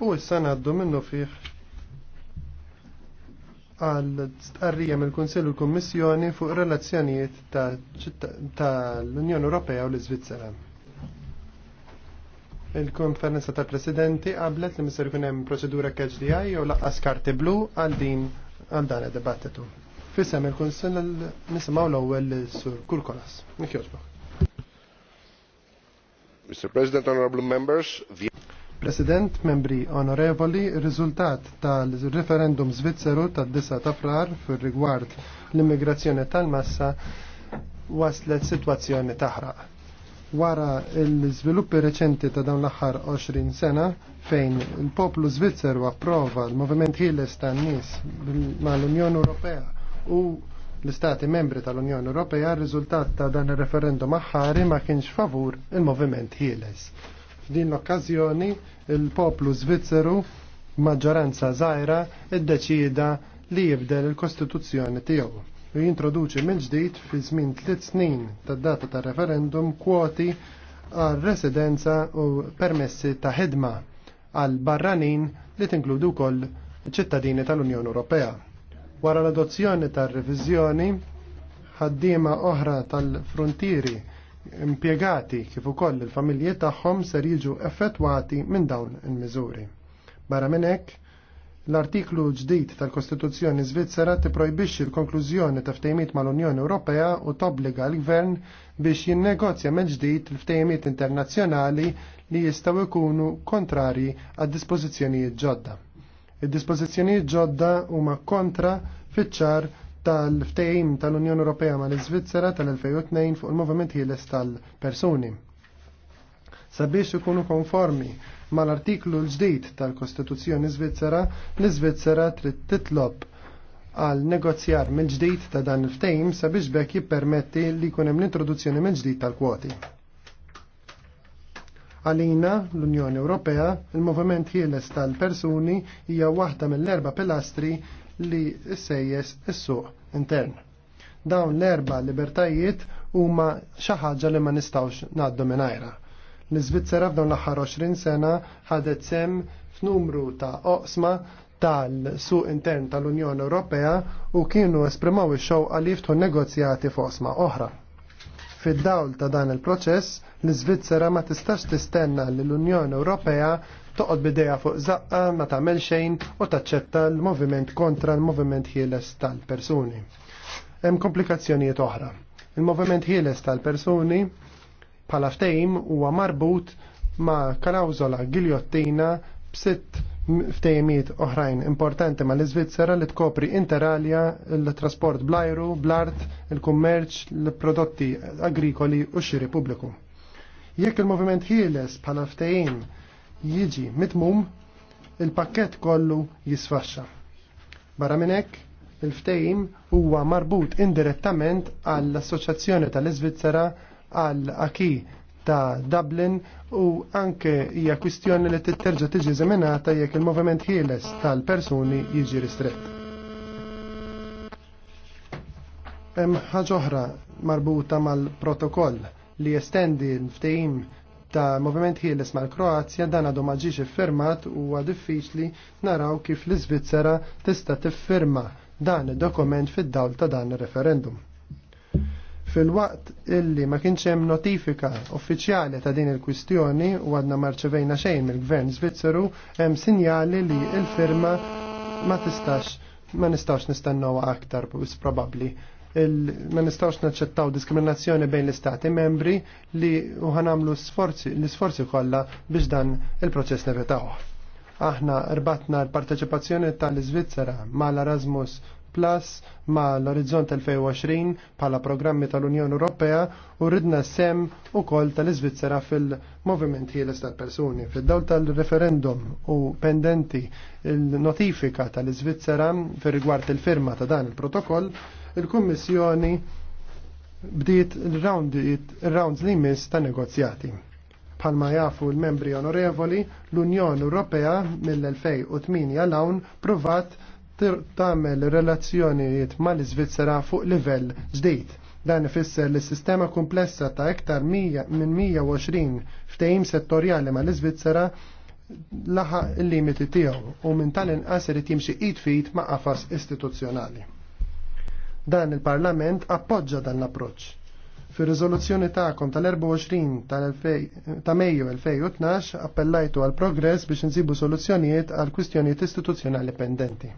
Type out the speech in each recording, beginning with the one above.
U issa ngħaddu minnu fiħ għal tqarrija mill-Kunsill u l kommissjoni fuq relazzjonijiet tal-Unjoni Ewropea u l-Iżvizzera. Il-konferenza tal-Presidenti għablet li misser jkun hemm proċedura u jew laqqas karti blu għal din għal dan id-dibattitu. Fisem il-Kunsill nisimaw l-ewwel sur Kurkolas. Mr. President, honorable members, the President, membri onorevoli, riżultat tal-referendum Svizzeru tad-9 ta' frar fir-rigward l-immigrazzjoni tal-massa waslet situazzjoni taħraq. Wara l-żviluppi reċenti ta' dawn l-aħħar 20 sena fejn il-poplu Svizzeru approva l-moviment ħieles tan-nies mal-Unjoni Ewropea u l-Istati membri tal-Unjoni Ewropea, r-riżultat ta' dan ir-referendum aħħari ma kienx favur il-moviment ħieles. F'din l-okkażjoni il-poplu Svizzeru maġġoranza żgħira deċida li jibdel il-Kostituzzjoni tiegħu u jintroduċi minn ġdid fi żmien tliet snin tad-data tar referendum kwoti għal residenza u permessi ta' ħidma għal barranin li tinkludu wkoll ċittadini tal-Unjoni Ewropea. Wara l-adozzjoni tar-reviżjoni ħaddiema oħra tal-frontieri impjegati kif ukoll il-familji tagħhom ser jiġu effettwati minn dawn il-miżuri. Barra minn hekk, l-artiklu ġdid tal-Kostituzzjoni Svizzera tipprojbixxi l-konklużjoni ta' ftehimiet mal-Unjoni Ewropea u tobbliga l-Gvern biex jinnegozja me ġdid l-ftehimiet internazzjonali li jistgħu jkunu kontrari għad dispożizzjonijiet ġodda. Id-dispożizzjonijiet ġodda huma kontra fiċ-ċar tal ftejim tal-Unjoni Ewropea mal-Iżvizzera tal-2002 fuq il movement ħieles tal-persuni. Sabiex ikunu konformi mal-artiklu l ġdijt tal-Kostituzzjoni Svizzera, l-Iżvizzera trid titlob għal negozjar mill-ġdid ta' dan il ftejim sabiex bekk jippermetti li jkun hemm l-introduzzjoni mill-ġdid tal-kwoti. Għalina l-Unjoni Ewropea, il movement ħieles tal-persuni hija waħda mill-erba pilastri li sejjes is-suq intern. Dawn l-erba libertajiet huma xi ħaġa li ma nistgħux ngħaddu mingħajrha. L-Iżvizzera f'dawn l-aħħar 20 sena ħadet sem f'numru ta' oqsma tal-suq intern tal-Unjoni Ewropea u kienu esprimaw ix-xewqa li jiftħu negozjati f'oqsma oħra. Fid-dawl ta' dan il-proċess, l-Iżvizzera ma tistax tistenna li l-Unjoni Ewropea toqgħod bideja fuq zaqqa ma tagħmel xejn u taċċetta l-moviment kontra l-moviment ħieles tal-persuni. Hemm komplikazzjonijiet oħra. Il-moviment ħieles tal-persuni bħala ftehim huwa marbut ma' karawżola giljottina b'sitt ftejmijiet oħrajn importanti ma l-Iżvizzera li tkopri interalja l-trasport blajru, bl-art, il-kummerċ, l-prodotti agrikoli u xiri pubbliku. Jekk il-moviment ħieles bħala ftehim jiġi mitmum il-pakket kollu jisfaxxa. Barra minn hekk il-ftehim huwa marbut indirettament għall-Assoċjazzjoni tal-Iżvizzera għall aki ta' Dublin u anke hija kwistjoni li titterġa' tiġi żeminata jekk il-moviment ħieles tal-persuni jiġi ristrett. Hemm ħaġa oħra marbuta mal-protokoll li jestendi l-ftehim ta' moviment ħieles mal-Kroazja dan għadu maġiġ iffirmat u diffiċli naraw kif l-Iżvizzera tista' tiffirma dan id-dokument fid-dawl ta' dan ir-referendum. Fil-waqt illi ma kienx hemm notifika uffiċjali ta' din il-kwistjoni u għadna marċevejna xejn mill-Gvern Zvizzeru, hemm sinjali li l-firma ma tistax ma nistax nistennaw aktar probabbli ma nistawx naċċettaw diskriminazzjoni bejn l-istati membri li uħanamlu l-sforzi kollha biex dan il-proċess nevetaw. Aħna rbatna l-parteċipazzjoni tal-Iżvizzera mal Erasmus Plus ma l-Orizzont 2020 pala programmi tal-Unjoni Ewropea u ridna sem u kol tal-Iżvizzera fil-movimenti l istat persuni Fid-dawl tal-referendum u pendenti il-notifika tal-Iżvizzera fil rigward il-firma ta' dan il-protokoll, il-Kummissjoni bdiet il-rounds li mis ta' negozjati. Palma jafu l-membri onorevoli, l-Unjoni Ewropea mill-2008 għal-għawn provat tagħmel relazzjonijiet mal-Iżvizzera fuq livell ġdid. Dan ifisser li s-sistema komplessa ta' iktar minn 120 ftehim settorjali mal-Iżvizzera laħaq il-limiti tiegħu u minn tal-inqas irid jimxi id fit ma' qafas istituzzjonali. Dan il-Parlament appoġġa dan l-approċċ. Fi riżoluzzjoni ta'kom tal-24 ta' Mejju 2012 appellajtu għal progress biex nżibu soluzzjonijiet għal kwistjonijiet istituzzjonali pendenti.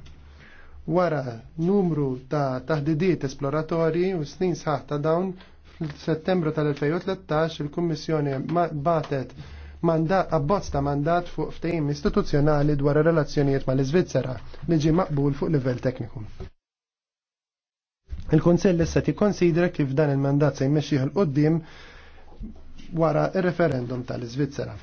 Wara numru ta' taħdidiet esploratorji u snin sħaħ ta' dawn fil-Settembru tal-2013 il-Kummissjoni batet abbozz ta' mandat fuq ftehim istituzzjonali dwar relazzjonijiet mal-Iżvizzera li ġie maqbul fuq livell tekniku. Il-Kunsell issa tikkonsidra kif dan il-mandat se jmexxih il qoddim wara ir-referendum tal-Iżvizzera.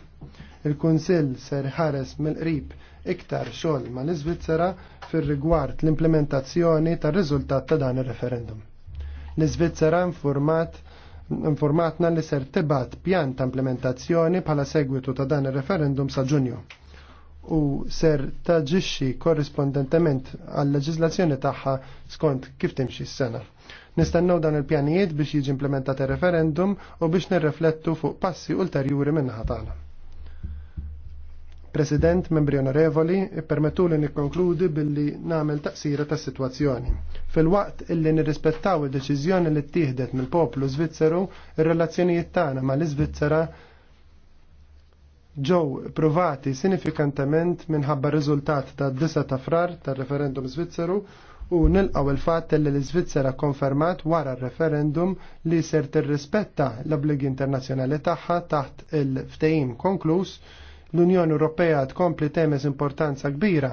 il kunsill ser ħares mill-qrib iktar xogħol mal-Iżvizzera fir-rigward l-implementazzjoni tar-riżultat ta' dan ir-referendum. L-Iżvizzera informat informatna li ser tibat pjan ta' implementazzjoni bħala segwitu ta' dan ir-referendum sa' Ġunju u ser taġixxi korrispondentement għal leġizlazzjoni tagħha skont kif timxi s-sena. Nistennew dan il-pjanijiet biex jiġi implementat referendum u biex nirreflettu fuq passi ulterjuri minnaħa tagħna. President, membri onorevoli, permettu li nikkonkludi billi namel taqsira ta' situazzjoni. Fil-waqt illi nirrispettaw il-deċiżjoni li ttieħdet mill-poplu Svizzeru, ir-relazzjonijiet tagħna mal-Iżvizzera ġew provati sinifikantament minħabba riżultat ta' disa ta' frar tar referendum Svizzeru u nilqaw il fat li l-Svizzera konfermat wara r-referendum li ser tirrispetta l-obligi internazzjonali tagħha taħt il-ftehim konkluż l-Unjoni Ewropea tkompli temes importanza kbira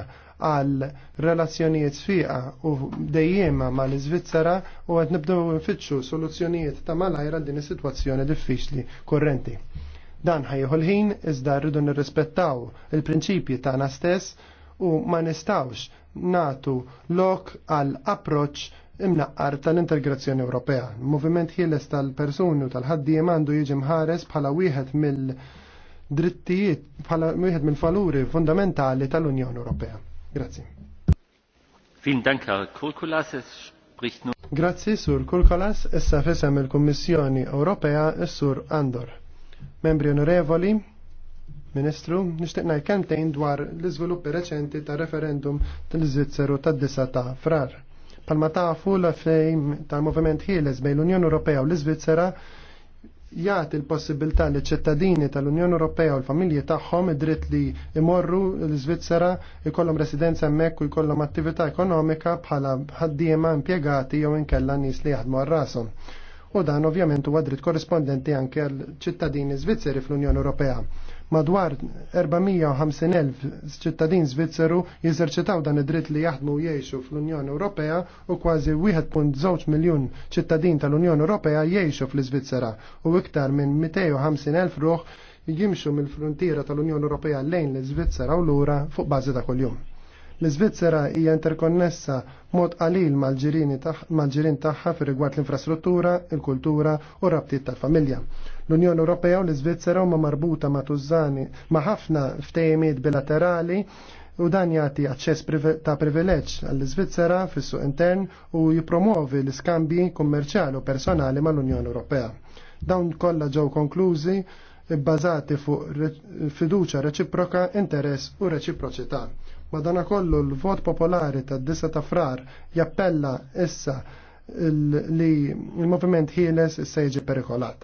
għal relazzjonijiet sfiqa u dejjema ma l-Svizzera u għed nibdew nfittxu soluzzjonijiet ta' malajra din is-sitwazzjoni diffiċli korrenti. Dan ħajħol ħin iżda rridu nirrispettaw il-prinċipji tagħna stess u ma nistawx natu lok għal approċ imnaqqar tal-integrazzjoni Ewropea. Il-moviment ħieles tal-persuni u tal-ħaddiem għandu jiġi mħares bħala wieħed mill-drittijiet, bħala wieħed mill-valuri fundamentali tal-Unjoni Ewropea. Grazzi. Vielen Dank, Herr Kurkulas. Es spricht nun... Grazzi, Sur Kurkulas. Issa fisem il-Kommissjoni Ewropea, Sur Andor. Membri onorevoli, Ministru, nixtieq ngħid dwar l-iżviluppi reċenti ta' referendum tal u tad-9 ta' frar. Palma tafu la fejn tal-Moviment Ħieles bejn l-Unjoni Ewropea u l-Iżvizzera jagħti l-possibilità li ċittadini tal-Unjoni Ewropea u l-familji tagħhom id-dritt li imorru l-Iżvizzera jkollhom residenza hemmhekk u jkollhom attività ekonomika bħala ħaddiema impjegati jew inkella nies li jaħdmu għar rashom u dan ovvjament huwa dritt korrispondenti anke għal ċittadini Zvizzeri fl-Unjoni Ewropea. Madwar 450.000 ċittadin Zvizzeru jiżerċitaw dan id-dritt li jaħdmu u jgħixu fl-Unjoni Ewropea u kważi 1.2 miljun ċittadin tal-Unjoni Ewropea jgħixu fl iżvizzera u iktar minn 250.000 ruħ jimxu mill-frontiera tal-Unjoni Ewropea lejn l-Svizzera u lura fuq bażi ta' kuljum l svizzera hija interkonnessa mod qalil mal-ġirin tagħha fir rigward l-infrastruttura, il-kultura u rabtiet tal-familja. L-Unjoni Ewropea u l-Iżvizzera huma marbuta ma' tużani ma' ħafna ftejmiet bilaterali u dan jagħti aċċess ta' privileġġ għall-Iżvizzera fis-suq intern u jipromovi l-iskambji kummerċjali u personali mal-Unjoni Ewropea. Dawn kollha ġew konklużi bbażati fuq fiduċa reċiproka, interess u reċiproċità. Madanakollu l-vot popolari ta' disa ta' frar jappella issa li il-moviment ħieles issa jiġi perikolat.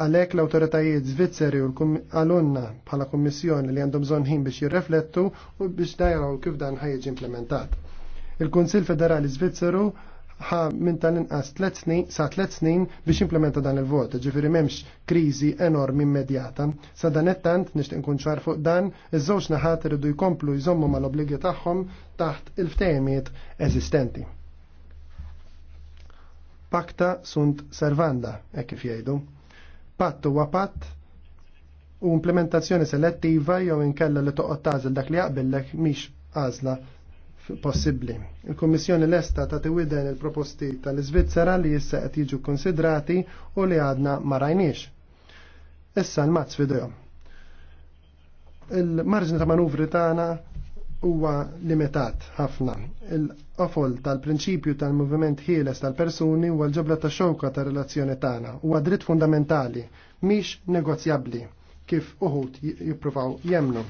Għalek l-autoritajiet Zvizzeri u l għalunna bħala kommissjoni li għandhom zonħin biex jirreflettu u biex dajraw kif dan ħajġi implementat. il konsil Federali Zvizzeru ħa minn tal-inqas tliet snin sa tliet snin biex implementa dan il-vot, ġifiri m'hemmx kriżi enormi immedjata. Sa dan ettant, nixtieq nkun ċar fuq dan, iż-żewġ naħat iridu jkomplu jżommu mal-obligi tagħhom taħt il-ftehimiet eżistenti. Pakta sunt servanda, hekk kif jgħidu. Patt huwa patt u implementazzjoni selettiva jew inkella li toqgħod tażel dak li jaqbillek mhix għażla possibbli. Il-Kommissjoni lesta ta' tiwiden il-proposti tal-Iżvizzera li issa qed jiġu konsidrati u li għadna ma rajniex. Issa l-mazz video. Il-marġni ta' manuvri tagħna huwa limitat ħafna. Il-qofol tal-prinċipju tal-moviment ħieles tal-persuni huwa l-ġobla ta' xewka ta' relazzjoni tagħna huwa dritt fundamentali, mhix negozjabbli kif uħud jippruvaw jemnu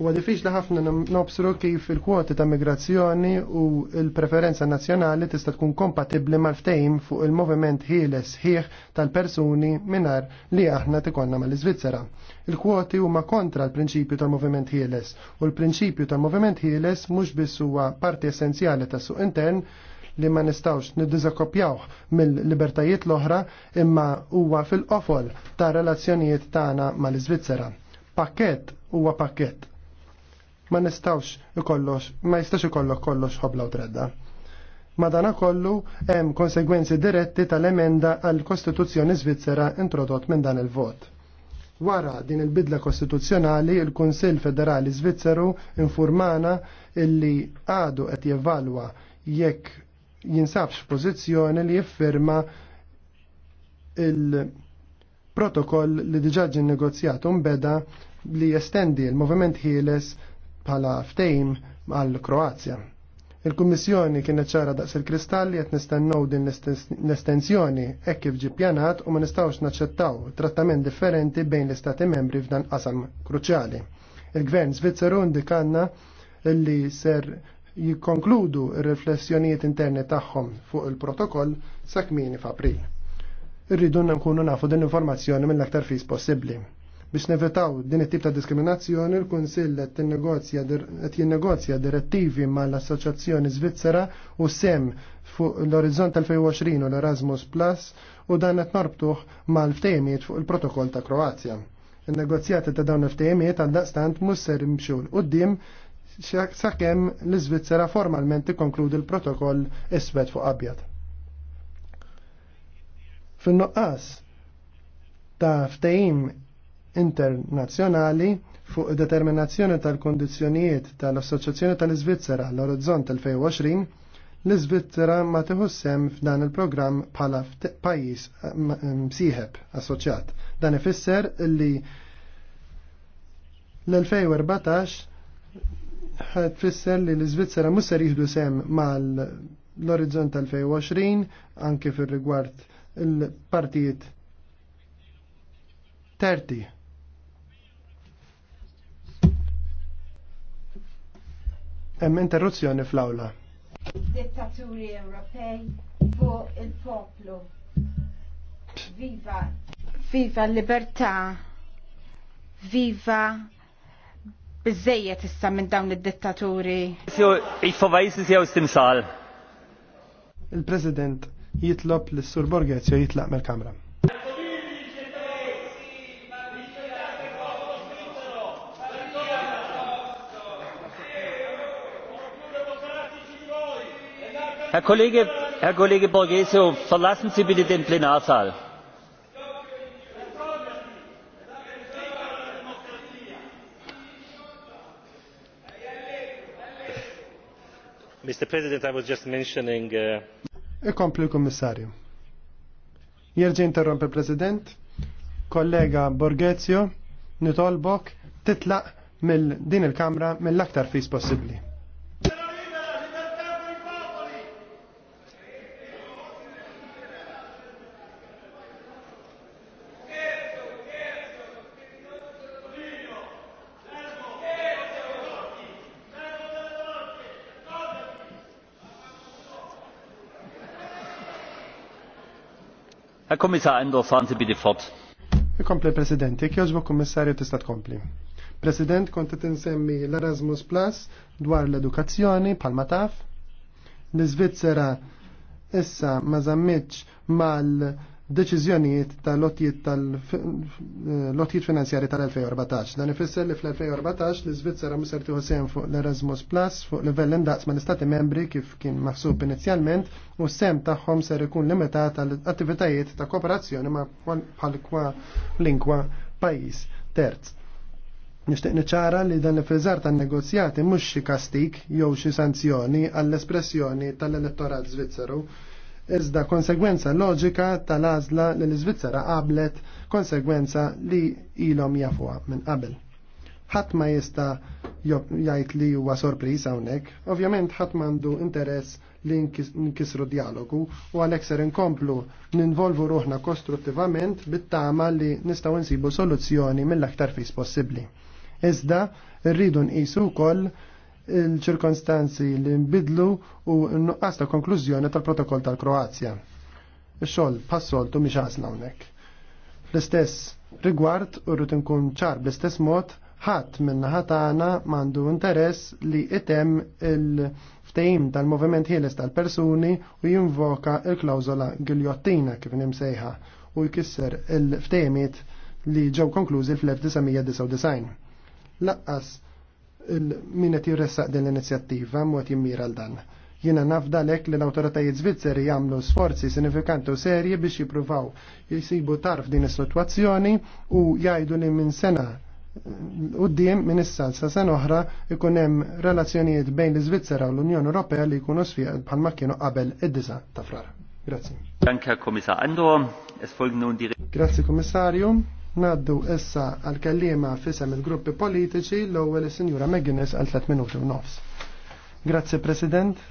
Huwa diffiċli ħafna nobsru kif il-kwoti ta' migrazzjoni u l-preferenza nazzjonali tista' tkun kompatibbli mal-ftejm fuq il-moviment ħieles ħieħ tal-persuni minar li aħna tikonna mal-Iżvizzera. Il-kwoti huma kontra l-prinċipju tal-moviment ħieles u l-prinċipju tal-moviment ħieles mhux biss huwa parti essenzjali tas-suq intern li ma nistawx niddiżakopjaw mill-libertajiet l-oħra imma huwa fil-qofol ta' relazzjonijiet tagħna mal-Iżvizzera. Pakket huwa pakket ma nistawx ikollox, ma jistax ikollok kollox ħobla u tredda. Madana kollu hemm konsegwenzi diretti tal-emenda għall kostituzzjoni Svizzera introdott minn dan il-vot. Wara din il-bidla kostituzzjonali, il-Kunsill Federali Svizzeru infurmana illi għadu qed jevalwa jekk jinsabx f'pożizzjoni li jiffirma il-protokoll li diġaġin ġin beda li jestendi l moviment ħieles bħala ftejm mal-Kroazja. Il-Kummissjoni kienet ċara daqs il-kristalli qed nistennew din l-estensjoni hekk kif ġi pjanat u ma nistgħux naċċettaw trattament differenti bejn l-Istati membri f'dan qasam kruċjali. Il-Gvern Svizzeru indikanna li ser jikkonkludu r-riflessjonijiet interni tagħhom fuq il-protokoll sa kmieni f'April. Irridu nkunu nafu din l-informazzjoni mill-aktar fis possibbli. Biex nevetaw din it-tip ta' diskriminazzjoni, l-Kunsill qed jinnegozja direttivi mal-Assoċjazzjoni Svizzera u sem fuq l-Orizzont 2020 u l-Erasmus Plus u dan qed norbtuh mal-ftehimiet fuq il-protokoll ta' Kroazja. Il-negozjati ta' dawn il-ftehimiet għal daqstant musser imxu l-qoddim sakemm l-Iżvizzera formalment tikkonkludi l-protokoll isbet fuq abjad. Fin-nuqqas ta' ftehim internazzjonali fuq determinazzjoni tal-kondizjonijiet tal-Assoċjazzjoni tal-Iżvizzera l-Orizzont tal-fej 2020, l-Iżvizzera ma tiħussem f'dan il-programm bħala pajis msieħeb assoċjat. Dan ifisser li l-2014 tfisser li l-Iżvizzera mhux ser jieħdu sem mal orizzont tal 2020 anke fir-rigward il-partijiet terti Hemm interruzzjoni fl-awla. Dittaturi Ewropej fuq il-poplu. Viva! Viva l-libertà! Viva Bizzejja issa minn dawn id-dittaturi. Il-fawajs jew stimsal. Il-President jitlob l-Sur Borghezio jitlaq mill-Kamra. Herr Kollege, Herr Kollege Borghese, verlassen Sie bitte den Plenarsaal. Mr. President, I was just mentioning... Ikomplu uh... l-Kommissarju. Jerġi interrompe President, kollega Borghezio, nitolbok titlaq mill din il-Kamra mill-aktar fis possibli. Herr Kommissar President, jek joġbu kummissarju tista' tkompli. President, konti tinsemmi l-Erasmus Plus dwar l-edukazzjoni palma taf. l iżvizzera issa ma zammitx mal deċiżjonijiet ta' lotjiet tal-lotjiet eh, finanzjari tal-2014. Dan ifisser li fl-2014 li Svizzera muser tieħu sehem fuq l-Erasmus Plus fuq livell indaqs ma' l-Istati membri kif kien maħsub inizjalment u sem tagħhom ser ikun limitat għall attivitajiet ta' kooperazzjoni ma' bħal kwa linkwa pajjiż terz. Nishtiq niċara li dan l fiżar tan negozjati mhux xi kastik jew xi sanzjoni għall-espressjoni tal-elettorat Zvizzeru iżda konsegwenza loġika tal-għażla li l-Iżvizzera qablet konsegwenza li ilhom jafuha minn qabel. Ħadd ma jista' jgħid li huwa sorpriż hawnhekk, ovvjament ħadd m'għandu interess li nkisru dialogu u għalhekk ser inkomplu ninvolvu ruħna kostruttivament bit-tama li nistgħu nsibu soluzzjoni mill-aktar fis possibbli. Iżda rridu nqisu wkoll il-ċirkonstanzi li nbidlu u n-nuqqas ta' konklużjoni tal-protokoll tal-Kroazja. Ix-xogħol tu miex għasna hawnhekk. L-istess rigward u rrid nkun ċar bl-istess mod ħadd minn għana m'għandu interess li item il-ftehim tal-moviment ħieles tal-persuni u jinvoka il-klawżola giljottina kif nimsejħa u jkisser il-ftehimiet li ġew konklużi fl-1999. Laqqas min qed jirressaq din l-inizjattiva mod jimmira l dan. Jiena naf dalek li l-awtoritajiet Zvizzeri jagħmlu sforzi sinifikanti u serji biex jippruvaw jisibu tarf din is-sitwazzjoni u jgħidu li minn sena eh, Uddim minn issa sa sen oħra ikun hemm relazzjonijiet bejn l-Iżvizzera u l-Unjoni Ewropea li jkunu sfiq bħalma kienu qabel id-disa ta' frar. Grazzi. Danke, Kommissar Grazzi, Kommissarju. Naddu issa għal kellima fisem il-gruppi politiċi l-ewwel is-Sinjura McGuinness għal 3 minuti u nofs. Grazzi President.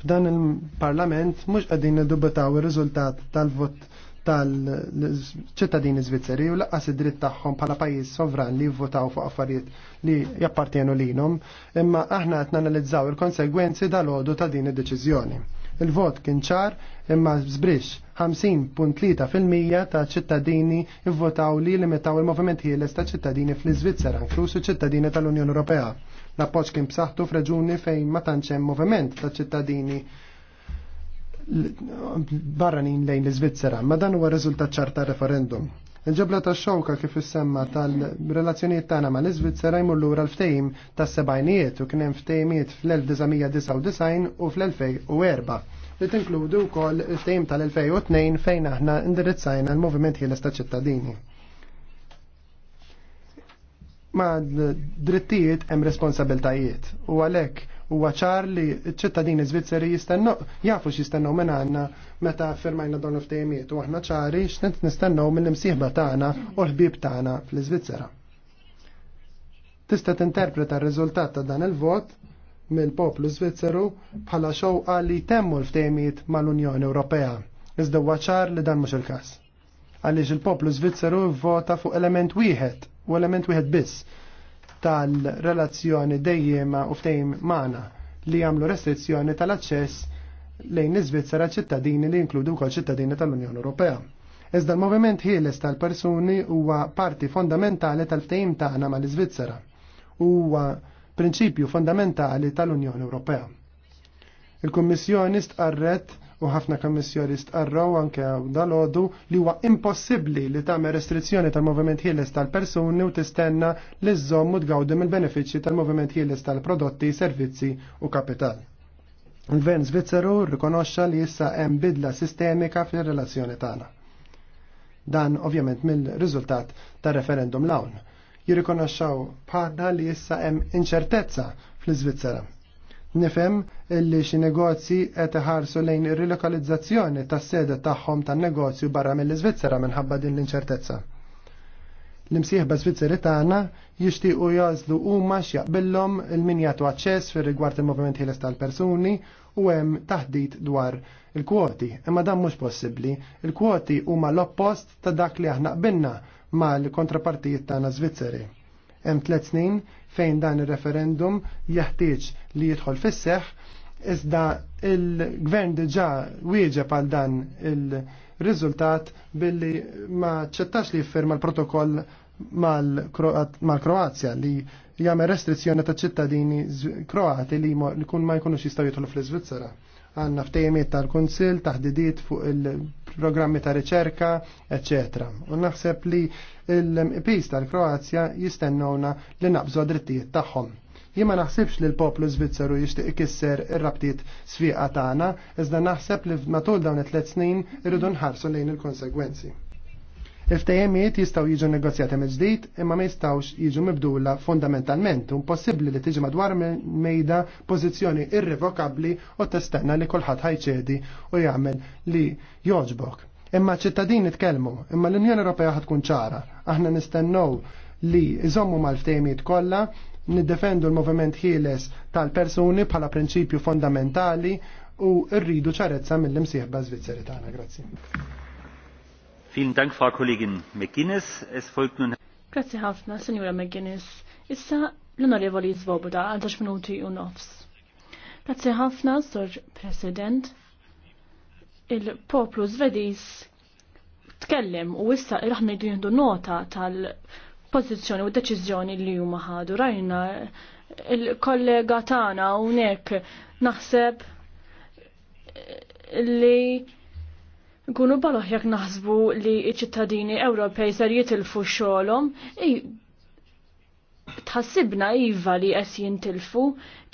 F'dan il-Parlament mhux qegħdin niddubitaw ir-riżultat tal-vot tal-ċittadini Zvizzeri u laqqas id-dritt tagħhom bħala pajjiż sovran li jivvotaw fuq affarijiet li jappartjenu lilhom, imma aħna qed nanalizzaw il-konsegwenzi dal-għodu ta' din id-deċiżjoni. Il-vot kien ċar imma zbriċ 50.3% ta' ċittadini ivvotaw li limitaw il movement ħieles ta' ċittadini fl izvizzera inklusu ċittadini tal-Unjoni Ewropea. L-appoġġ kien b'saħħtu f'reġuni fejn ma tantx hemm moviment ta' ċittadini barranin lejn l izvizzera ma dan huwa riżultat ċar ta' referendum. Il-ġebla ta' xewka kif issemma tal-relazzjonijiet tagħna mal izvizzera jmur lura l-ftehim tas-sebajnijiet u kien hemm fl-1999 u fl-2004 li tinkludu wkoll il-ftehim tal-2002 fejn aħna indirizzajna l-moviment ħieles ta' ċittadini. Ma' drittijiet hemm responsabiltajiet u għalhekk Huwa ċar li ċ-ċittadini Zvizzeri jistennu jafu x'jistennew minn għandna meta firmajna dawn il u aħna ċari x'nint nistennew mill-imsieħba tagħna u l-ħbieb tagħna fl-Iżvizzera. Tista' tinterpreta r-riżultat ta' dan il-vot mill-poplu Zvizzeru bħala xow għalli temmu l-ftehimiet mal-Unjoni Ewropea. Iżda huwa ċar li dan mhux il-każ. Għaliex il-poplu Zvizzeru vota fuq element wieħed u element wieħed biss tal-relazzjoni dejjema u ftejim Mana li jagħmlu restrizzjoni tal-aċċess lejn l-Iżvizzera ċittadini li inkludu wkoll ċittadini tal-Unjoni Ewropea. Iżda l-moviment ħieles tal-persuni huwa parti fondamentali tal-ftehim tagħna mal-Iżvizzera. Huwa prinċipju fondamentali tal-Unjoni Ewropea. Il-Kummissjoni stqarret u ħafna kommissjoni arraw anke dal li huwa impossibbli li tagħmel restrizzjoni tal-moviment ħieles tal-persuni u tistenna li żommu tgawdi mill-benefiċċji tal-moviment ħieles tal-prodotti, servizzi u kapital. Il-Gvern Svizzeru rikonoxxa li issa hemm bidla sistemika fir-relazzjoni tagħna. Dan ovvjament mill-riżultat tar-referendum l awn Jirrikonoxxaw bħalna li issa hemm inċertezza fl-Iżvizzera Nifhem illi xi negozji qed iħarsu lejn ir-relokalizzazzjoni tas-sede tagħhom tan-negozju barra mill-Iżvizzera minħabba din l-inċertezza. L-imsieħba Svizzeri tagħna jixtiequ jażlu huma x'jaqbilhom il-min jagħtu aċċess fir-rigward il-moviment ħieles tal-persuni u hemm taħdid dwar il-kwoti. Imma dan mhux possibbli. Il-kwoti huma l-oppost ta' dak li aħna qbilna mal-kontrapartijiet tagħna Svizzeri hemm tliet snin fejn dan ir-referendum jeħtieġ li jidħol fisseħ, iżda il-gvern diġa' wieġeb għal dan il-riżultat billi ma ċettax li jifferma l-protokoll mal-Kroazja li jagħmel restrizzjoni ta' ċittadini Kroati li kun ma jkunux jistgħu jidħlu fl svizzera Għanna ftejmiet tal-Kunsill, taħdidiet fuq il-programmi ta' riċerka, ecc. U naħseb li l-MPs tal-Kroazja jistennowna li nabżu għadrittijiet drittijiet tagħhom Jien ma naħsibx li l-poplu Svizzeru jixtieq ikisser ir-rabtiet sfiqa tagħna, iżda naħseb li matul dawn it-tliet snin irridu nħarsu lejn il-konsegwenzi. Il-ftejemiet jistaw jiġu negozjati mill ġdid imma ma jistawx jiġu mibdula fundamentalment. Impossibbli li tiġi madwar mejda pożizzjoni irrevokabli u testenna li kulħadd ħajċedi u jagħmel li joġbok. Imma ċittadini tkellmu, imma l-Unjoni Ewropea ħatkun ċara. Aħna nistennew li iżommu mal-ftejmiet kollha, niddefendu l-moviment ħieles tal-persuni bħala prinċipju fondamentali u rridu ċarezza mill-imsieħba Zvizzeri tagħna. Grazzi. Vielen Dank, Frau Kollegin McGuinness. Es folgt nun... Grazzi ħafna, Signora McGuinness. Issa l-onorevoli Svoboda, għandax minuti u nofs. Grazzi ħafna, Sir President. Il-poplu Zvediż tkellem u issa irraħna jdu nota tal- pożizzjoni u deċiżjoni li huma ħadu. Rajna il-kollega tagħna hawnhekk naħseb li nkunu baloħ jekk naħsbu li ċ-ċittadini Ewropej ser jitilfu xogħolhom, tħassibna iva li qed jintilfu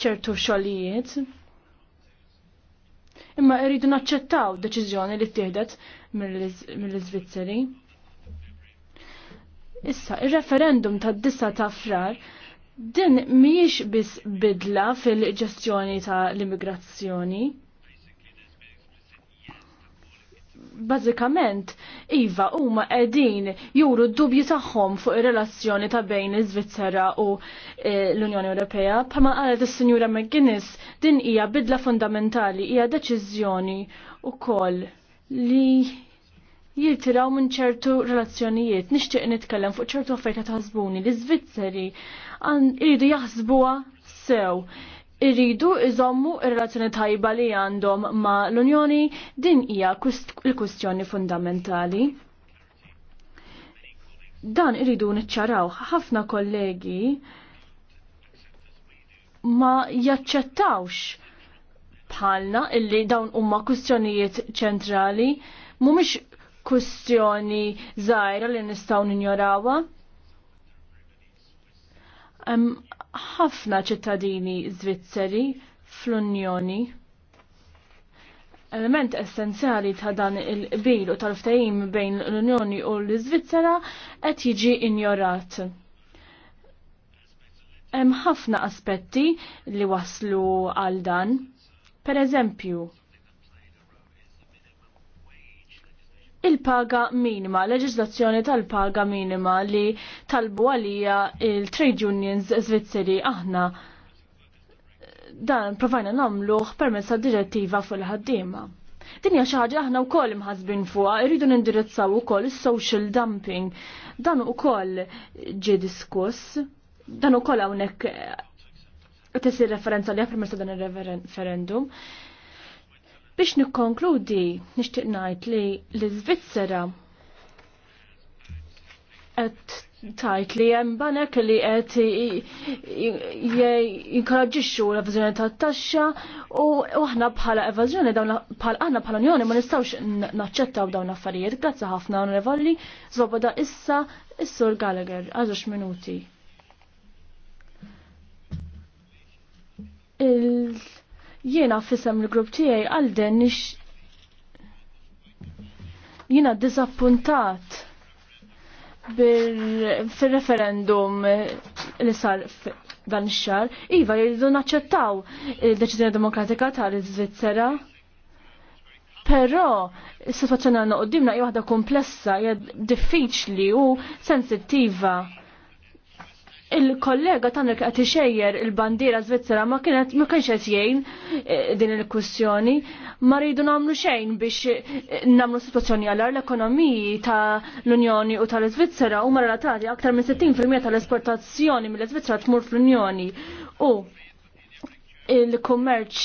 ċertu xogħlijiet. Imma rridu naċċettaw deċiżjoni li ttieħdet mill-Iżvizzeri. mill iżvizzeri Issa, il-referendum ta' dissa ta' frar, din miex bis bidla fil-ġestjoni ta' l-immigrazzjoni. Bazzikament, Iva huma qegħdin juru d dubju tagħhom fuq ir-relazzjoni ta' bejn iż-Svizzera u eh, l-Unjoni Ewropea. Bħalma qalet is-Sinjura McGuinness, din hija bidla fundamentali, hija deċiżjoni koll li jirtiraw minn ċertu relazzjonijiet. Nixtieq nitkellem fuq ċertu affarijiet ta' ħasbuni li Svizzeri iridu jaħsbuha sew. Iridu iżommu ir-relazzjoni tajba li għandhom ma' l-Unjoni din hija l-kwistjoni fundamentali. Dan iridu niċċaraw ħafna kollegi ma jaċċettawx bħalna illi dawn huma kwistjonijiet ċentrali mhumiex kustjoni zaħira li nistaw ninjorawa. ħafna ċittadini Zvizzeri fl-Unjoni. Element essenzjali ta' dan il-qbil u tal-ftajim bejn l-Unjoni u l-Iżvizzera qed jiġi injorat. Hemm ħafna aspetti li waslu għal dan. Per eżempju, il-paga minima, leġislazzjoni tal-paga minima li talbu għalija il-trade unions Svizzeri aħna dan provajna namluħ permessa direttiva fil-ħaddima. Dinja xaħġa xi ħaġa aħna wkoll imħasbin fuqha, irridu nindirizzaw ukoll is-social dumping. Dan ukoll ġie diskuss, dan ukoll hawnhekk tisir referenza li permezz dan ir-referendum. Biex nikkonkludi, nixtieq ngħid li l-Iżvizzera qed tajt li hemm banek li qed jinkoraġixxu l-evażjoni tat-taxxa u aħna bħala evażjoni dawn bħal aħna bħala Unjoni ma nistgħux naċċettaw dawn affarijiet. Grazzi ħafna onorevoli, żoboda issa is-Sur Gallagher għażux minuti. Jiena fissem l grupp tiegħi għal den nix jiena dizappuntat fil-referendum li sar dan ix-xar, iva jridu naċċettaw il-deċiżjoni demokratika tal-Iżvizzera. Però s sitwazzjoni għandna qudiemna hija waħda komplessa, hija diffiċli u sensittiva il-kollega tan li qed ixejjer il-bandiera Svizzera ma kienet ma kienx qed jgħin eh, din il-kwistjoni ma rridu nagħmlu xejn biex eh, nagħmlu sitwazzjoni għalar l-ekonomiji ta' l-Unjoni u tal-Iżvizzera huma relatati aktar minn 60% tal-esportazzjoni mill-Iżvizzera tmur fl-Unjoni u il-kummerċ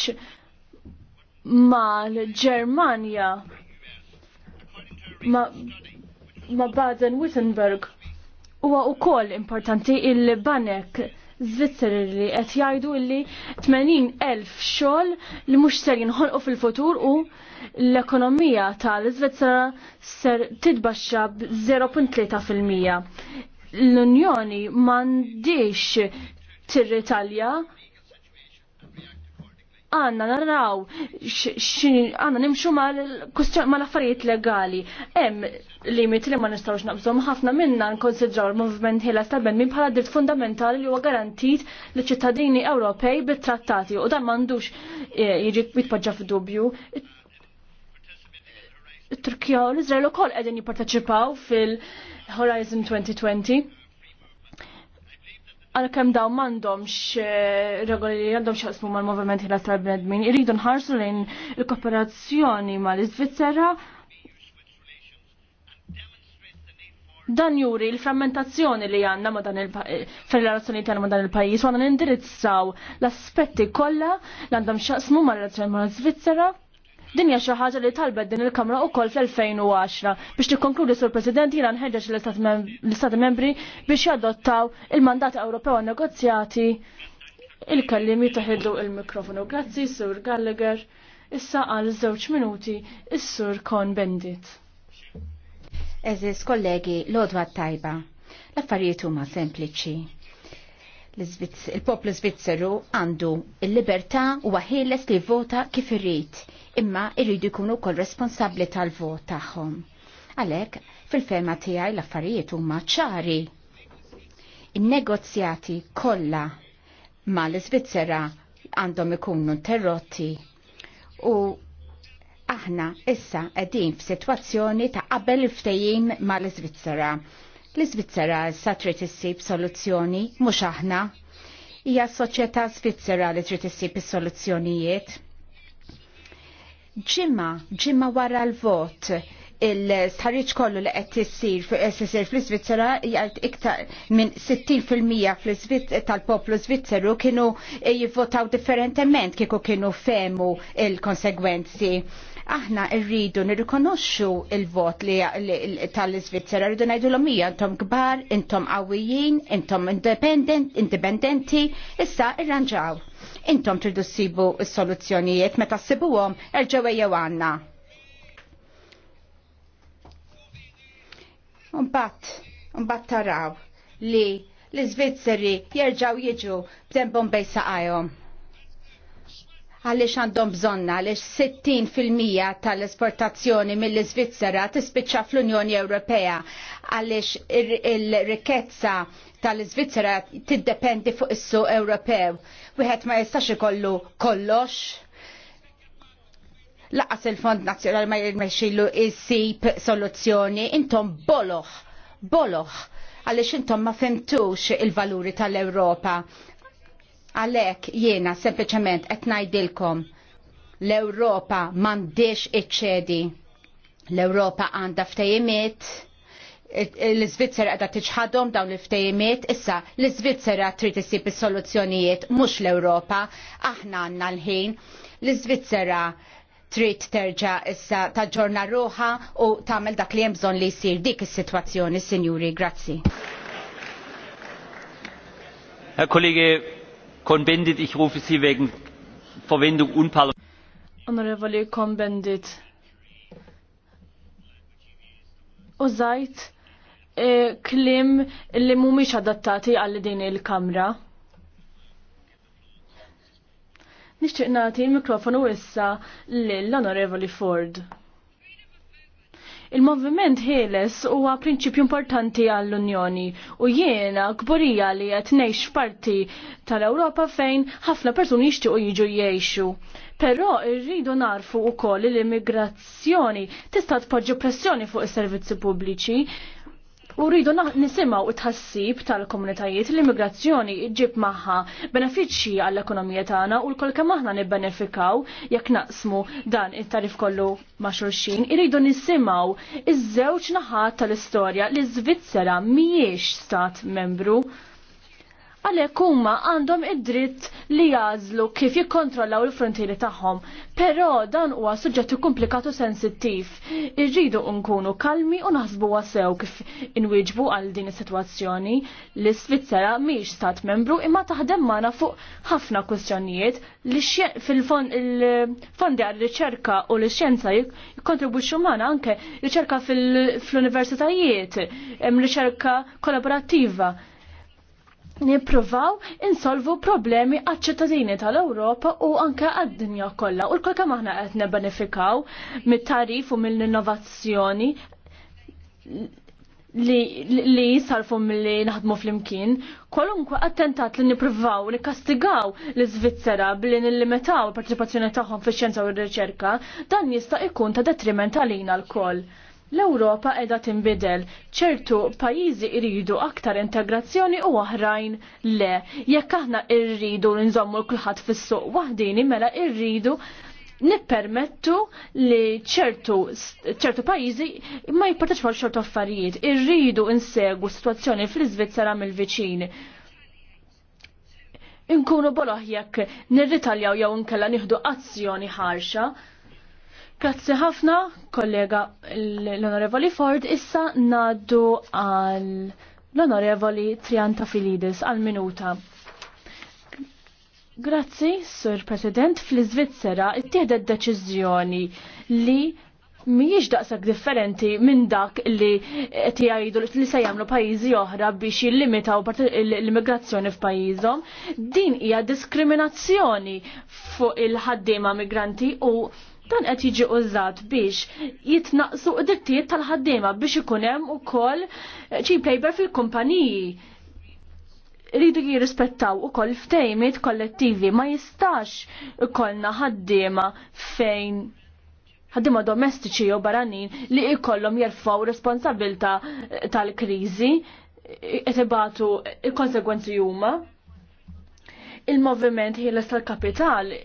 mal-Ġermanja ma, Baden-Württemberg huwa wkoll importanti il-banek Zvizzeri li qed jgħidu li 80,000 xogħol li mhux ser jinħolqu fil-futur u l-ekonomija tal-Iżvizzera ser titbaxxa b'0.3%. L-Unjoni m'għandix tirritalja għanna naraw, għanna nimxu mal-affarijiet legali. Hemm limit li ma nistawx naqbżom ħafna minna nkonsidraw il-movement ħilas tal minn bħala dritt fundamentali li huwa garantit li ċittadini Ewropej bit-trattati u dan m'għandux eh, jiġi jitpoġġa f'dubju. Turkija u l-Izrael ukoll qegħdin jiparteċipaw fil-Horizon 2020 għal-kem daw mandomx eh, regoli li għandhom xaqsmu mal moviment ħila tal-bnedmin, irridu nħarsu lejn il-kooperazzjoni mal-Svizzera. Dan juri l-frammentazzjoni li għanna ma dan eh, il-relazzjoni tagħna ma dan il-pajjiż, għandna nindirizzaw l-aspetti kollha li għandhom xaqsmu mal-relazzjoni mal-Svizzera Dinja xi ħaġa li talbet din il-Kamra wkoll fl-2010 biex tikkonkludi sur President jiena nħeġġeġ l-Istati Membri biex jadottaw il-mandat Ewropew negozjati il-kallim jitaħidlu il-mikrofonu. Grazzi, Sur Gallagher. Issa għal żewġ minuti is-Sur Kon Bendit. Eżis kollegi, l-odwa tajba. L-affarijiet huma sempliċi il-poplu Svizzeru għandu il-libertà u għahilles li vota kif irrid, imma irridu jkunu kol responsabli tal-vot tagħhom. Għalek, fil-ferma tijaj l-affarijiet huma ċari. Il-negozjati kollha ma l-Svizzera għandhom ikunu interrotti u aħna issa qegħdin f'sitwazzjoni ta' qabel il-ftejjim ma l-Svizzera l svizzera sa trid issib soluzzjoni, mhux aħna. Hija s-soċjetà Svizzera li trid issib is-soluzzjonijiet. Ġimma, ġimma wara l-vot, il-sħarriċ kollu li qed issir eh, ssir fl-Iżvizzera jgħid iktar minn 60% fl-Iżvizz tal-poplu Svizzeru kienu jivvotaw differentement kieku kienu femu il-konsegwenzi. Aħna rridu nirrikonoxxu il-vot li tal-Iżvizzera rridu ngħidu l intom kbar, intom qawwijin, intom indipendenti, issa irranġaw. Intom tridu ssibu s-soluzzjonijiet meta ssibuhom erġgħu jew għandna. Unbat, unbat taraw li l-Svizzeri jirġaw jiġu b'tempon bej saqajhom. Għaliex għandhom bżonna għaliex 60% tal-esportazzjoni mill-Svizzera tispiċċa fl-Unjoni Ewropea għaliex il rikkezza tal-Svizzera tiddependi fuq is su Ewropew. Wieħed ma jistax ikollu kollox laqas il-Fond Nazzjonali ma jirmexxilu jsib soluzzjoni intom boloħ, boloħ għaliex intom ma fimtux il-valuri tal-Ewropa. Għalhekk jiena sempliċement qed ngħidilkom l-Ewropa m'għandix iċċedi. L-Ewropa għandha ftejimiet, l-Svizzera għadha tiġħadhom dawn l-ftejimiet, issa l-Svizzera trid issib is-soluzzjonijiet mhux l-Ewropa, aħna għandna l-ħin. L-Svizzera trid terġa issa ta' ġorna roħa u tagħmel dak li hemm bżonn li jsir dik is-sitwazzjoni, Sinjuri, grazzi. Herr Kollege Konbendit, ich rufe Sie wegen Verwendung unparlamentarisch. Onorevoli Konbendit, u zajt eh, klim li mhumiex adattati għalli din il-Kamra. Nixtieq nagħti mikrofonu issa lill-Onorevoli Ford. Il-moviment ħieles huwa prinċipju importanti għall-Unjoni u jiena kburija li qed ngħix parti tal-Ewropa fejn ħafna persuni jixtiequ jiġu jgħixu. Però rridu narfu wkoll li l-immigrazzjoni tista' tpoġġi pressjoni fuq is-servizzi pubbliċi U rridu nisimaw it-ħassib tal-komunitajiet l-immigrazzjoni ġib maħħa benefiċċji għall-ekonomija tagħna u l-kol kemm aħna nibbenefikaw jekk naqsmu dan it-tarif kollu ma' xulxin, irridu nisimaw iż-żewġ naħat tal-istorja li Zvizzera mhijiex stat membru għalhekk huma għandhom id-dritt li jażlu kif jikkontrollaw il-frontieri tagħhom. Però dan huwa suġġett komplikatu sensittiv. Irridu nkunu kalmi u naħsbu sew kif inwiġbu għal din is-sitwazzjoni li Svizzera mhix stat membru imma taħdem magħna fuq ħafna kwestjonijiet li fil-fond il-fondi għal riċerka u l-xjenza jikkontribwixxu magħna anke riċerka fil-universitajiet, riċerka kollaborattiva nippruvaw insolvu problemi għaċ-ċittadini tal-Ewropa u anke għad-dinja kollha. U l kolka kemm aħna qed nebbenefikaw mit-tarif u mill-innovazzjoni li, jisalfu mill-li naħdmu fl-imkien, kolunkwa attentat li niprivaw, li kastigaw l Zvizzera billi nillimitaw il-partizipazzjoni tagħhom fix-xjenza u r-riċerka, dan jista' jkun ta' detriment għalina l-koll. L-Ewropa edha tinbidel, ċertu pajjiżi iridu aktar integrazzjoni u oħrajn le. Jekk aħna irridu nżommu kulħadd fis-suq waħdini mela irridu nippermettu li ċertu, ċertu pajizi ma jipparteċipaw ċertu affarijiet. Irridu insegu situazzjoni fl-Iżvizzera mill-viċin. Inkunu boloħ jekk nirritaljaw jew nkella nieħdu azzjoni ħarxa. Grazzi ħafna, kollega l-Onorevoli Ford, issa naddu għal l-Onorevoli Trianta Filidis għal minuta. Grazzi, Sur President, fl-Iżvizzera ittieħdet deċiżjoni li mhijiex daqshekk differenti minn dak li qed jgħidu li se jagħmlu pajjiżi oħra biex jillimitaw l-immigrazzjoni f'pajjiżhom. Din hija diskriminazzjoni fuq il-ħaddiema migranti u dan qed jiġi użat biex jitnaqsu d-dittijiet tal-ħaddiema biex ikun hemm ukoll cheap labor fil-kumpaniji. Ridu jirrispettaw ukoll ftejmiet kollettivi ma jistax ikollna ħaddiema fejn ħaddiema domestiċi jew baranin li ikollhom jerfgħu responsabilta tal-kriżi qed ibatu il-konsegwenzi huma il-moviment ħieles tal-kapital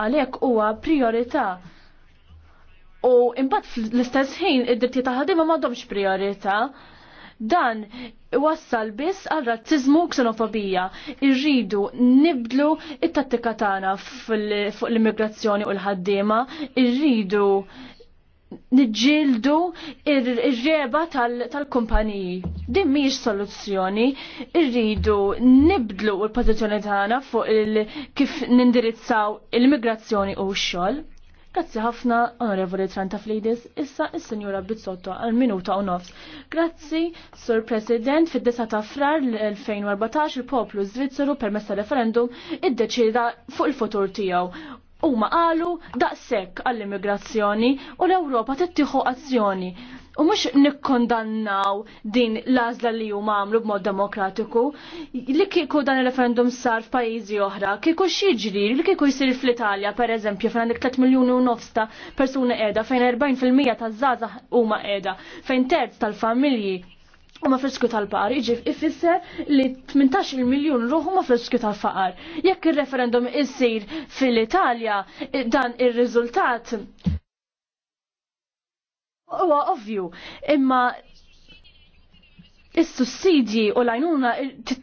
għalhekk huwa priorità. U imbagħad fl-istess ħin id-dirti ta' ħadima m'għandhomx priorità. Dan wassal biss għal razzizmu u ksenofobija. Irridu nibdlu it-tattika tagħna fuq l-immigrazzjoni u l-ħaddiema, irridu nġildu ir-reba tal-kumpaniji. Tal Din mhijiex soluzzjoni, irridu nibdlu l-pożizzjoni tagħna fuq il kif nindirizzaw il-migrazzjoni u x-xogħol. Grazzi ħafna, Onorevoli Tranta Flidis, issa is-Sinjura Bizzotto għal minuta u nofs. Grazzi, Sur President, fid-9 ta' frar l-2014 il-poplu Zvizzeru permessa referendum id-deċida fuq il-futur tiegħu huma qalu daqshekk għall-immigrazzjoni u l-Ewropa tittieħu azzjoni. U mhux nikkondannaw din l-għażla li huma għamlu b'mod demokratiku li kieku dan il-referendum sar f'pajjiżi oħra, kieku x'jiġri li kieku jsir fl-Italja pereżempju fejn għandek 3 miljuni u nofs ta' persuni qiegħda fejn 40% taż-żgħażagħ huma qiegħda fejn terz tal-familji huma friskju tal-faqar, iġif ifisser li 18 miljun ruħu ma' friskju tal-faqar. Jekk ir-referendum issir fil-Italja, dan ir-riżultat huwa ovvju, imma is-sussidji u l-għajnuna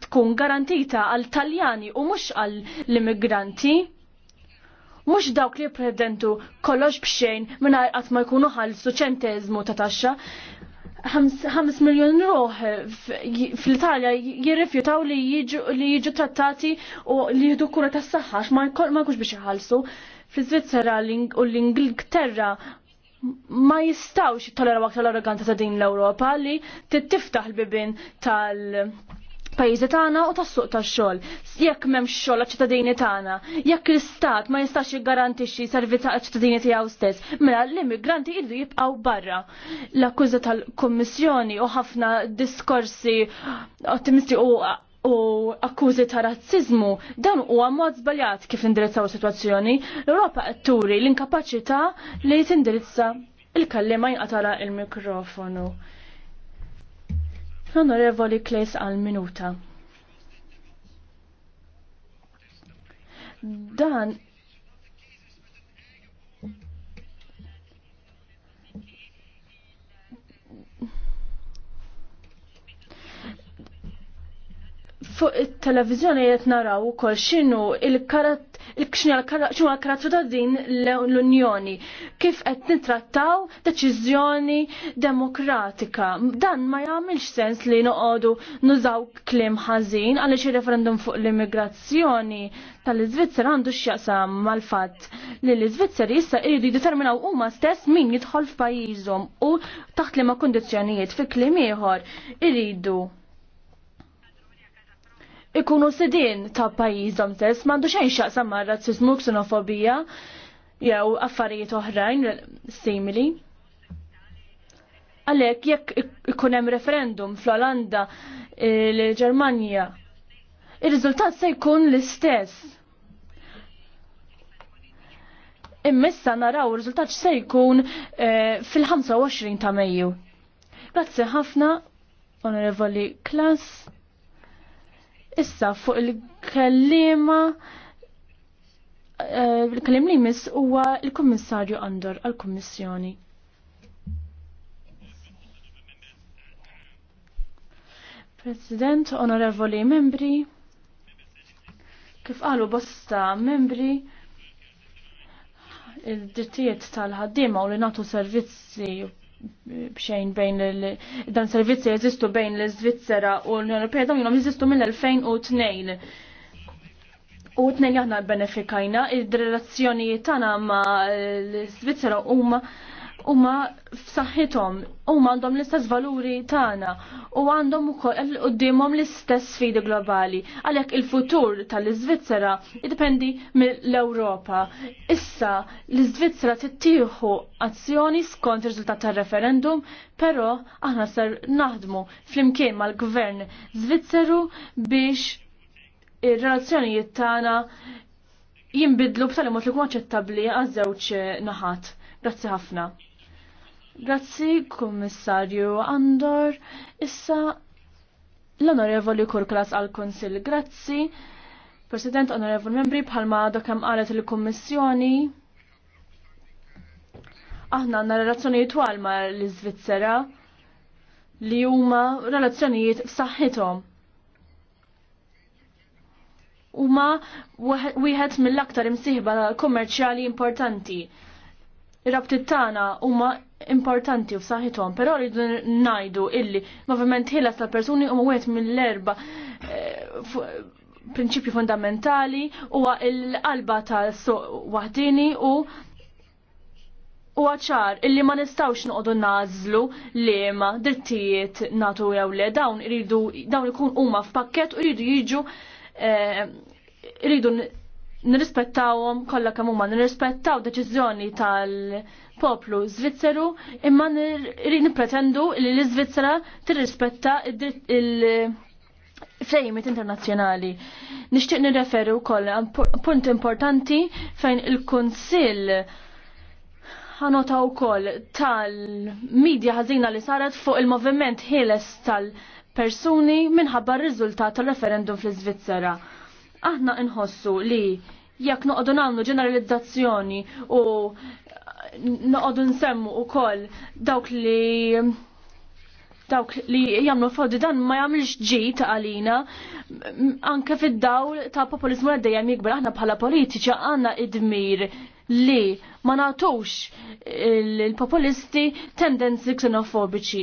tkun garantita għal taljani u mhux għal immigranti Mhux dawk li pretendu kollox bxejn mingħajr qatt ma jkunu ħallsu ċenteżmu ta' taxxa, 5 miljon roħ fl-Italja jirrifjutaw li jiġu trattati u li jihdu kura tas saħħax ma jkunx biex jħalsu Fl-Svizzera u l-Ingilterra ma jistawx jittolera aktar l-arroganza ta' din l-Ewropa li t-tiftaħ l-bibin tal- pajjiżi tagħna u tas-suq tax-xogħol. Jekk m'hemmx xogħol għaċ-ċittadini tagħna, jekk l-istat ma jistax jiggarantixxi servizz għaċ-ċittadini tiegħu stess, mela l-immigranti jridu jibqgħu barra. L-akkuża tal-Kummissjoni u ħafna diskorsi ottimisti u u akkużi ta' razzizmu, dan huwa mod żbaljat kif indirizzaw is-sitwazzjoni. L-Ewropa qed turi l-inkapaċità li tindirizza il-kallima jinqatala il-mikrofonu. L-Onorevoli Kles għal-minuta. Dan fuq il televizjoni jett naraw kol xinu il karat xinu għal-karatru ta' din l-Unjoni, kif qed nitrattaw deċiżjoni demokratika. Dan ma jagħmilx sens li noqogħdu nużaw klim ħażin għaliex ir-referendum fuq l-immigrazzjoni tal-Iżvizzer għandu x'jaqsam mal-fatt li l-Iżvizzer issa jridu jiddeterminaw huma stess min jidħol f'pajjiżhom u taħt liema kundizzjonijiet fi kliem ieħor iridu ikunu sedin ta' pajizom stess, mandu xejn xaqsam ma' razzizmu, ksenofobija, jew affarijiet oħrajn simili. Għalek, jekk ikunem referendum fl-Olanda, l-Germania, il-rizultat se jkun l-istess. Immissa naraw il-rizultat se jkun eh, fil-25 ta' Mejju. Grazzi ħafna, onorevoli klas. Issa fuq il-kellima eh, il-kellim li mis huwa il-Kummissarju Andor għal-Kummissjoni. President, onorevoli membri, kif qalu bosta membri, il-drittijiet tal-ħaddiema u li natu servizzi bxejn bejn dan servizzi jeżistu bejn l-Svizzera u l-Unjoni Ewropea dawn jom jeżistu mill-2002. U tnejn aħna benefikajna, id-relazzjonijiet tagħna ma' l-Svizzera huma huma f'saħħithom, huma għandhom l-istess valuri tagħna u għandhom ukoll quddiemhom l-istess sfidi globali. Għalhekk il-futur tal-Iżvizzera jiddependi mill-Ewropa. Issa l-Iżvizzera tittieħu azzjoni skont riżultat tar-referendum, però aħna ser naħdmu flimkien mal-Gvern Zvizzeru biex ir-relazzjonijiet tagħna jinbidlu b'tal-imot li kun aċċettabbli għaż-żewġ naħat. Grazzi ħafna. Grazzi, Kummissarju Andor. Issa l-Onorevoli Kurklas għal-Konsil. Grazzi, President Onorevoli Membri, bħalma dokam għalet il-Kommissjoni. Aħna għanna relazzjonijiet twal ma l-Svizzera li huma relazzjonijiet f'saħħithom huma wieħed mill-aktar imsieħba kummerċjali importanti ir rabtit tagħna huma importanti u saħħithom, però rridu ngħidu illi moviment ħieles tal persuni huma wieħed mill-erba eh, prinċipji fundamentali huwa l-qalba tal-suq waħdini u U ċar illi ma nistawx noqogħdu nażlu li ma drittijiet natu jew le dawn iridu dawn ikun huma f'pakkett u iridu jiġu iridu eh, nirrispettawhom kollha kemm huma nirrispettaw deċiżjoni tal-poplu Zvizzeru imma nippretendu li l-Iżvizzera tirrispetta il- fejmit internazzjonali. Nixtieq nirreferi wkoll punt importanti fejn il-Kunsill ħanota wkoll tal-medja ħażina li saret fuq il-moviment ħieles tal-persuni minħabba r-riżultat tal-referendum fl-Iżvizzera. Aħna nħossu li jekk noqogħdu nagħmlu ġeneralizzazzjoni u noqogħdu nsemmu wkoll dawk li dawk li jagħmlu fodi dan ma jagħmilx ġid għalina anke fid-dawl ta' populizmu li dejjem jikber aħna bħala politiċi għandna id-dmir li ma nagħtux il-populisti tendenzi xenofobiċi.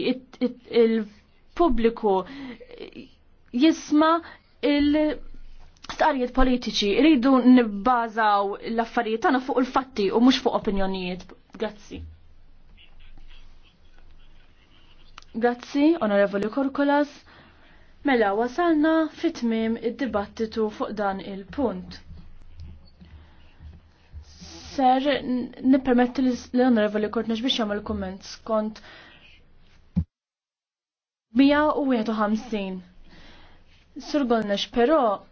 Il-pubbliku jisma il- stqarijiet politiċi rridu nibbażaw l-affarijiet tagħna fuq il-fatti u mhux fuq opinjonijiet. Grazzi. Grazzi, Onorevoli Korkolas. Mela wasalna fit-tmiem id-dibattitu fuq dan il-punt ser nippermetti l-onorevoli Kortnex biex jagħmel kumment skont 151. Sur Golnex, però